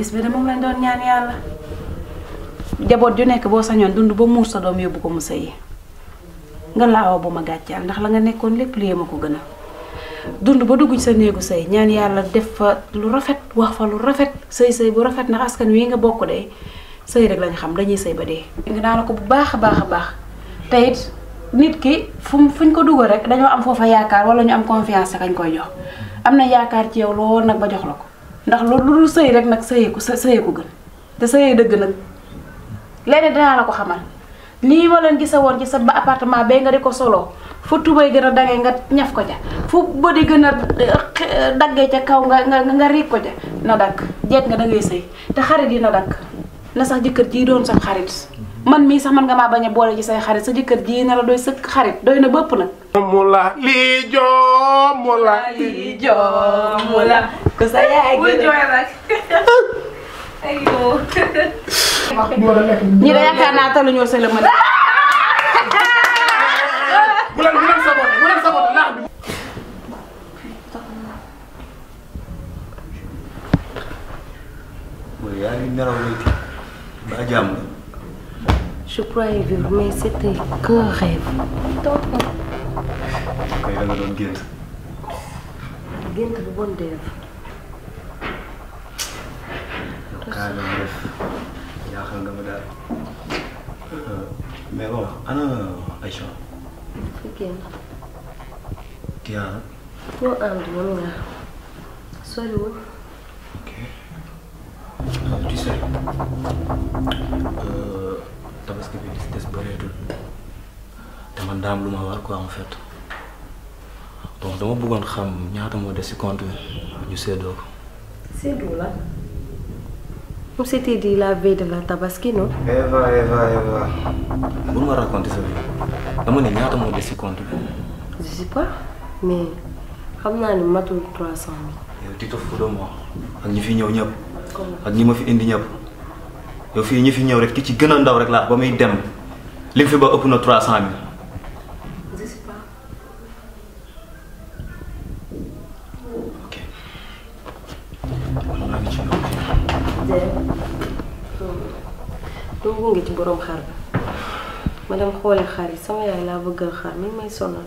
bis bi de moom lañ doon ñaan yàlla jaboot ju nekk boo sañoon dund ba muur sa doom yóbbu ko mu sëyi nga laawa bu ma gàccaal ndax la nga nekkoon lépp lii ma ko gën a dund ba dugg sa néegu sëy ñaan yàlla def fa lu rafet wax fa lu rafet sëy sëy bu rafet ndax askan wii nga bokk de sëy rek lañ xam dañuy sëy ba dee. nga daana ko bu baax a baax a baax te nit ki fu mu fuñ ko dugal rek dañoo am foofa yaakaar wala ñu am confiance sa kañ koy jox am na yaakaar ci yow lool jox la ndax loolu lu dul sëy rek nag sëyee ko sëyee ko gën te sëyee dëgg nag leneen dinaa la ko xamal lii ma leen gisa woon ci sa appartement bee nga di ko solo fu tubay gën a dangee nga ñaf ko ca foo boo di gën a eh, daggee ca kaw nga nga nga riig ko ca na dakk jeet nga da ngay sëy te xarit yi na dakk na sax jëkkër ji doon sa xarit man mii sax man nga maa bañ boole ci say xarit sa jëkkër ji na la doy sëkk xarit doy na bëpp nag. mu la lii joo mu la lii la. mën croyais vivre mais c'était qu'un rêve. donc. Euh, kay da nga doon gént. gént bu bon def. kaa la def jaaxal nga ma daal euh, mais bon ana Aïcha. génn. Dieng. ñoo ànd moom nga soriwul. ok. Euh, tu sais. tabaski bi si des bëreetul te man daam lu ma war quoi en fait bon dama bëggoon xam ñaata moo des ci compte bi ñu séddoo ko. séddoo la. on s'était la veille de la tabaski non. ne ñaata moo des ci compte bi. je pas mais xam naa ne matul trois cent mille. yow Tito Fudo ma ak ñi fi ñëw ñëpp. ak ñi ma fi indi ñëpp. yow fii ñi fi ñëw rek ki ci gën a ndaw rek laa ba muy dem lim fi ba ëpp na trois cent mille. je sais ci borom xar ba ma dem xooli xar yi sama yaay laa bëggal xar mi may sonal.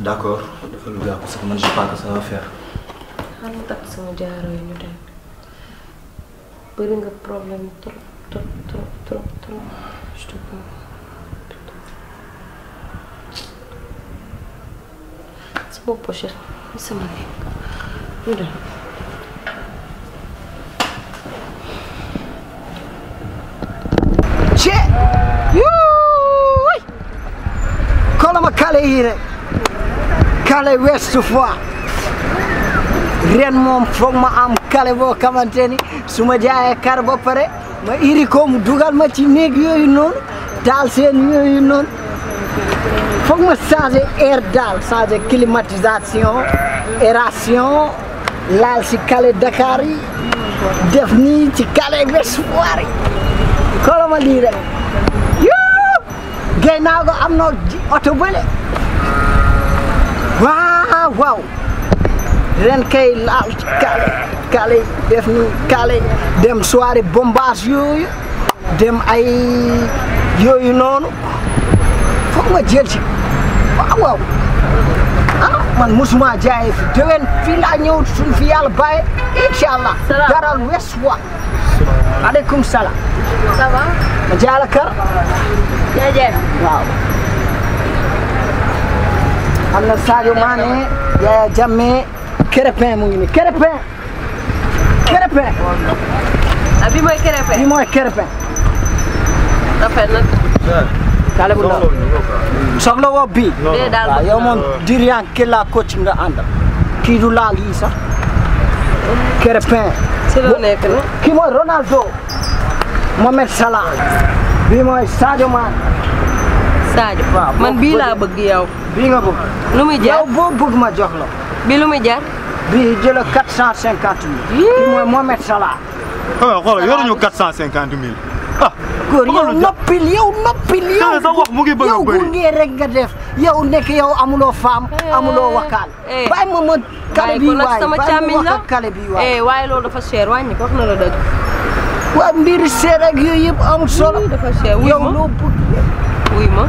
d'accord dafa lu gaaw man je pense que ça xaaral takk sama jaaro yi ñu dem bëri nga problème trop trop trop trop trop je te sama pochette bi sama nekk ñu dem Kale yii rek kale Ouest Foire ren moom foog ma am kale boo xamante su ma jaayee kar ba ma iri ko dugal ma ci néeg yooyu noonu taal seen yooyu noonu foog ma changer air daal changer climatisation aération laal si kale Dakar yi ci kale Ouest-Foire ma lii rek yoo am na oto bële waaw ren kay laal kaale dem soirée bombage yooyu dem ay yooyu noonu foog nga jël ci waaw waaw ah man mosuma jaayee fi laa ñëw suñ fi yàlla bàyyi incha allah. daral wa aleykum salaam. ma jaala kër. jaajëf waaw. am na Sadio Krépin mu ngi nii Krépin. bii mooy Krépin. bii bu ndaw soxla woo bii. yow moom diriyan ki la nga àndal. kii du laal yi sax. Krépin. si la nekk kii mooy Ronaldo. Mohamed Salah. bii mooy Sadio Mané. Sadio man bii laa bëgg yaw bii nga bëgg. nu muy ma jox la. bi lu muy jar. bi jëla quatre cent cinquante mille. kii mooy Mohamed Salah. waaw ah, xoolal yoruñu quatre cent cinquante mille. ah góor yow noppil yow noppil yow sa wax mu ngi bëgg a bëri yow gunge rek nga def yow nekk yow amuloo faam eh, amuloo wakkaal. Eh. bàyyi ma ma kale bi waay bàyyi ma wax ak kale bi waay. Eh, waaye loolu dafa cher wàññi ko wax na la dëgg. waa mbir cher ak yooyu yëpp amul solo. dafa cher wuy ma yow wuy ma.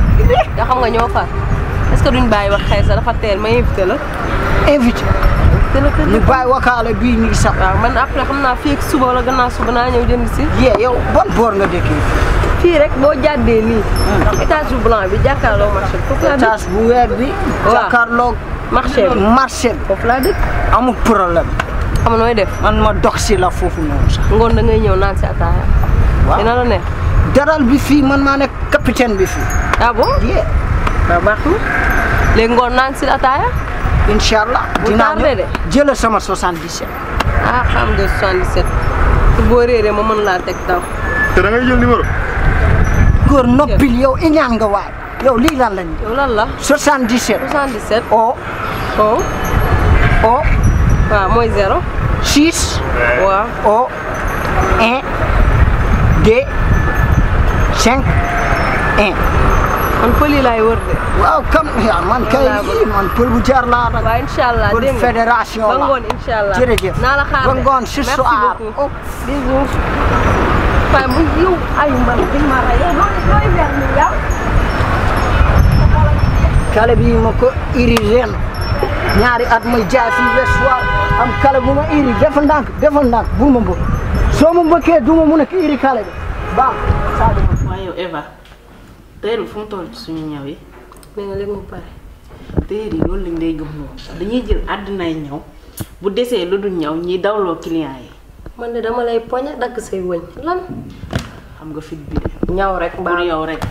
da xam nga ñoo far est-ce que duñ bàyyi wax xëy sa dafa teel ma invité la. invité. ñu bàyyi bii nii sax. waaw man après xam naa fii ak suba wala gannaaw suba naa ñëw jënd si. yee yow ban fii rek boo jàddee nii. Hmm. étage bu bi jàkkaarloo marché bi. étage bu weer bi. waaw jàkkaarloo. marché bi marché bi. problème. xam nooy def. man ma dox la foofu noonu ngoon da ngay ñëw naan si ataaya. daral bi fii man maa nekk capitaine bi fii. ah bon. Ah, ngoon naan si ataaya. incha allah. bu tardé de jëlal sama 77. ah xam nga 77. boo réeree ma mën laa teg taw. te góor noppil yow iñaan nga waay. yow lii laa la nii. yow lan la. 77. 77. o. o. o. waaw o. 1. 2. 5. 1. man pël bu jaar laa rek. waaw oh. kale bi ma ko irigé ñaari at may jaay fii le soir am kale bu ma iri defal bu ma mbëkk soo du ma mun iri kale bi baax. waaw yow Eva. tayal bi fu mu toll suñu ñaw yi. nee nga mu pare. tayal yi loolu lañ day gëm noonu dañuy jël àddinaay ñaw bu desee lu dul ñaw ñiy dawloo client yi. man de dama lay poñe dagg say wëñ nga fit bi rek baax yow rek.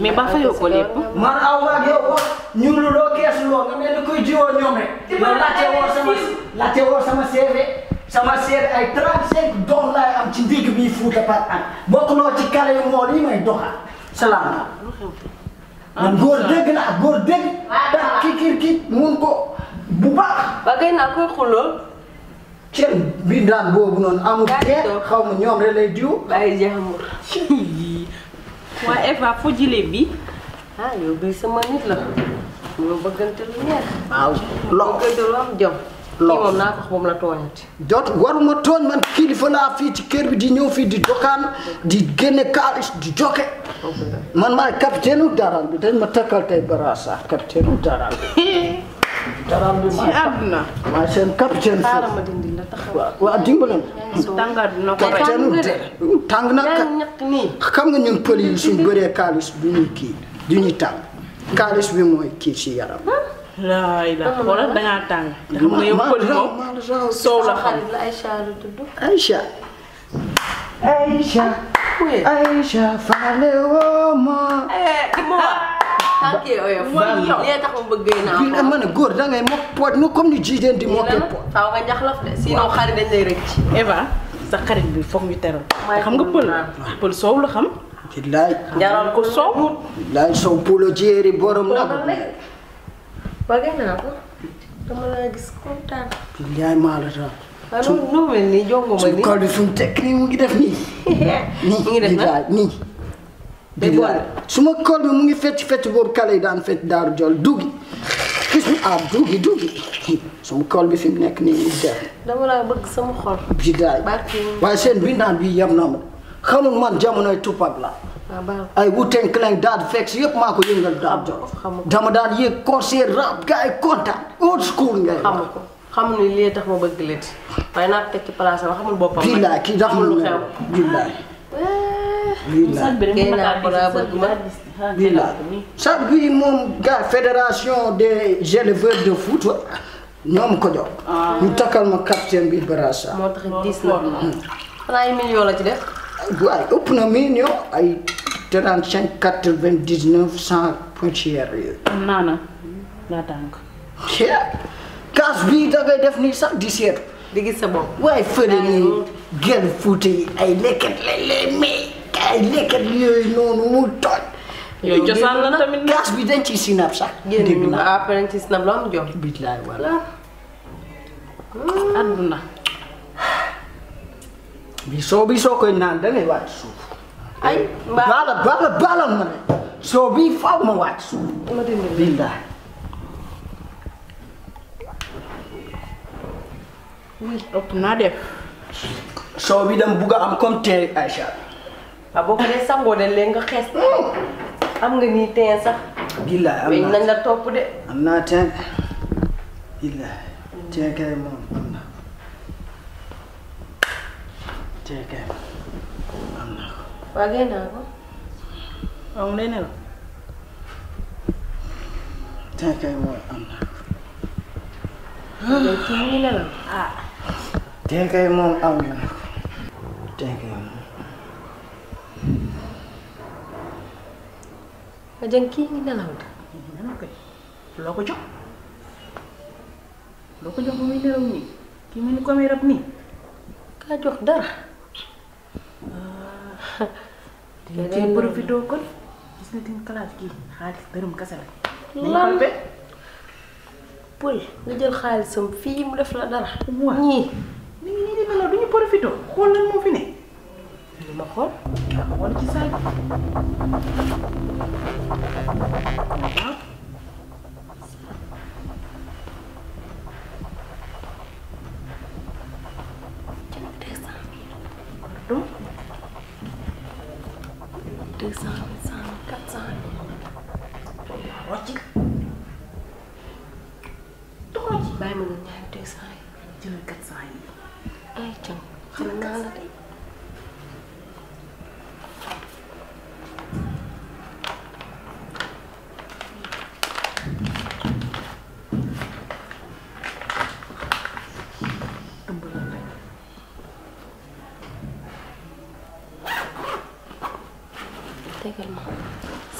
mais ba fayoo ko lépp. man aw ma ak yow ñu lu loo kees loo nga mel ni koy jiwoo ñoom rek. man laajte woon sama laajte sama CV. ay 35 dox laay am ci digg bi Fuuta par an bokk noo ci kare yu mool yi may doxal. salaam. man góor dégg la góor dégg. waaw ki ki mun ko bu baax. ba kay naa koy xuloo. cen bi daan boobu noonu amul. gàllankoor xaw ma ñoom rek diw. bàyyi jaamur. waa Eva foo jëlee bi ah yow bii sama nit la. yow bëggante lu neex. waaw loxo bëggante lu am jom. lool moom la tooñati. jot waruma tooñ man kilifa laa fii ci kër bi di ñëw fii di dokaan di génne kaalis di joxe. man maay capitaine u bi dañ ma takkal tey barasa capitaine u bi. daral bi ci àdduna. maay seen capitaine. xaaral ma dindi la taxaw. tàng na xam nga ñun pël yi suñ bëree kaalis du ñuy kii du ñuy tàng kaalis bi mooy kii ci yaram. laay la xoolal da ngaa tàng. te xam nga yow pël moom soow la xam Aïcha la eh, naa. ni jigéen sa xarit bi foog ñu teral. xam nga pël soow la xam. bilaay. ko soow. bilaay soow pulo jéeri borom nag. bëgg naa ko dama laa gis kontaan. yaay maa la taal. ah nu bi fu mu nii mu ngi def nii. mu ngi def nag nii nii. su ma kool bi mu ngi fecc fecc boobu kale yi daan fecc daaru jol duugi gis nga ah duugi duugi suma kool bi fi mu nekk nii mu ngi def. dama bëgg sama xol. bilaay waaye seen bi naan bi yem na ma xamul man jamonoy tubaab la Ah, ay wuuteen clan daal fekk si yëpp maa ko yëngal daal Jolof dama daan yéeg concert rap gars yi kontaan old school ngay wax xamul ni lii tax ma bëgg leen waaye naa teg ci place am xamul boppam billaay kii dax lu xew billaay billaay sat bi moom gars fédération des éleveurs de foot ñoom ko jox mu ah. takkal ma capitaine bi Barassa moo tax gis na hmm. xanaa ay million la ci def waaye ëpp na million ay trente cinq quatre vingt dix neuf cent poussière yooyu. am naa na laa tànk. kaas bii da ngay def nii sax di seet. di gis sa bopp waaye fële nii gel fuute yi ay lekket lay lay may ay lekket yooyu noonu mu toj. yooyu cosaan la tamit kaas bi dañ ciy sinap sax. dégg naa après ci sinap la am jom. bilaay wala. Ah. àdduna. bi soo bi soo koy naan da ngay wàcc suuf. ay baala baala baala ma ne soo bii faaw ma wàcc suuf. naa def. soo bi dama bugg am comme tey Aïcha. ah boo ko dee sangoo de nga xees. am nga nii tey sax. billaay am naa nañ la topp de. kay moom. tey kay am na ko. waaw génn naa ko. waaw mu lay nelaw. tey am na ko. léegi moom am na ko. tey moom. nga kii ngi nelaw de. loo ko jox loo ko jox ba nii kii mu ni ko rab nii kaa jox dara. dina ci profité kon gis nga tim classe gi xaalis dërëm kese la. lan pël nga jël xaalisam fii mu def la dara. ñii. ni ñu nii di du ñu profité xool lan moo fi ne.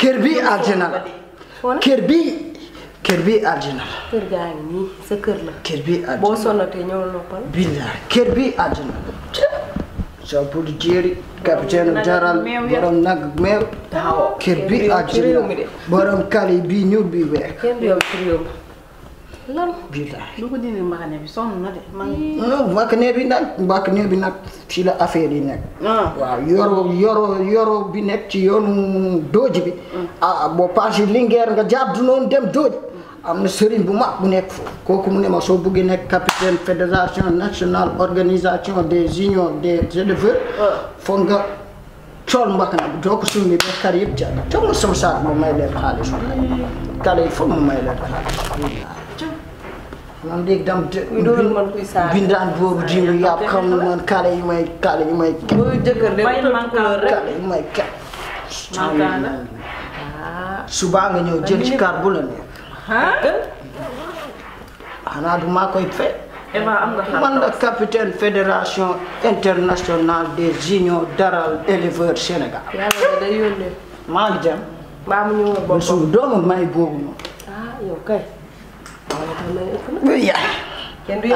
kër bi aljana la kër bi kër bi aljana la. kër gaa ngi capitaine jaral borom nag meew. kër bi borom kali bi ñuul bi weex. lan. billaay bu ko bi na de. non bi nag mbaxane bi ci la affaire yi nekk. Ah. waaw yoro yoro bi nekk ci yoonu dooji bi. Mm. ah boo passé Linguère nga jàpp noonu dem dooji. am na sëriñ bu mag bu nekk foofu kooku mu ne ma soo buggee nekk capitaine fédération nationale organisation des unions des éleveurs. Ah. foog nga cool mbaxane bi doo ko summi ba kar yëpp jàpp te mu sama may leen xaalis. Mm. kale yi foog ma may leen xaalis. man léegi dam bindaan boobu dimbali yàpp xam man kaale yi may kaale yi may. booy jëkkër de kaale yi may kat. Ah. suba nga ñëw jël ci kaar bu la neex. Ah? xanaa maa koy fay. man la capitaine fédération internationale des unions daral éleveurs Sénégal. maa ngi jëm. maa mu ñëw la boppam suñu doomu may boobu noonu. ah yow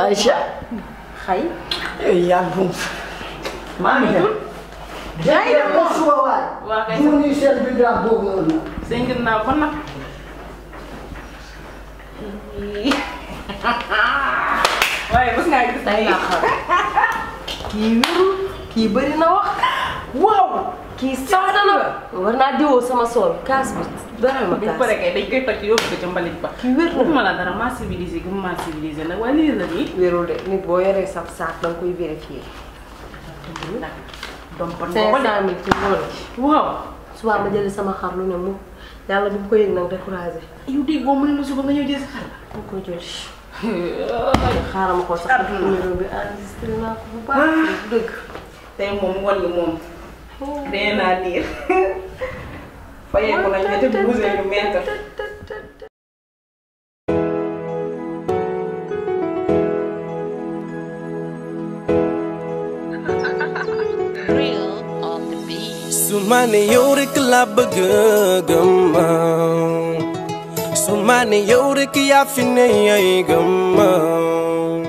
Aïcha xay yàlla bu maa ngi dem yaa ngi dem ko suba waay waa mu ni seen bi daa boobu noonu seen gën naa ko nag waaye bés na wax waaw kii soxna na war naa diwoo sama sol kaas bi dara ma kaas. bu paree kay dañ koy kii wér na ma la dara maa civilisé gi maa civilisé nag waaye lii la de nit boo yoree sa saak koy vérifié. donc kon boo ko def 500000 ci loolu. waaw. suba ma jëlee yàlla bu ko yëg nag découragé. yu dégg boo mu ne la nga ñëw jël sa bu ko jël. xaaral ma ko sax numéro bi enregistré naa ko bu baax. Ah. dëgg moom ngoon moom. rien à dire fayeeku nañ ñetti douze ñu mètre su ma ne yow rek laa bëgg gëm ma ah. su ma ne yow rek yaa fi ne ay gëm ma ah.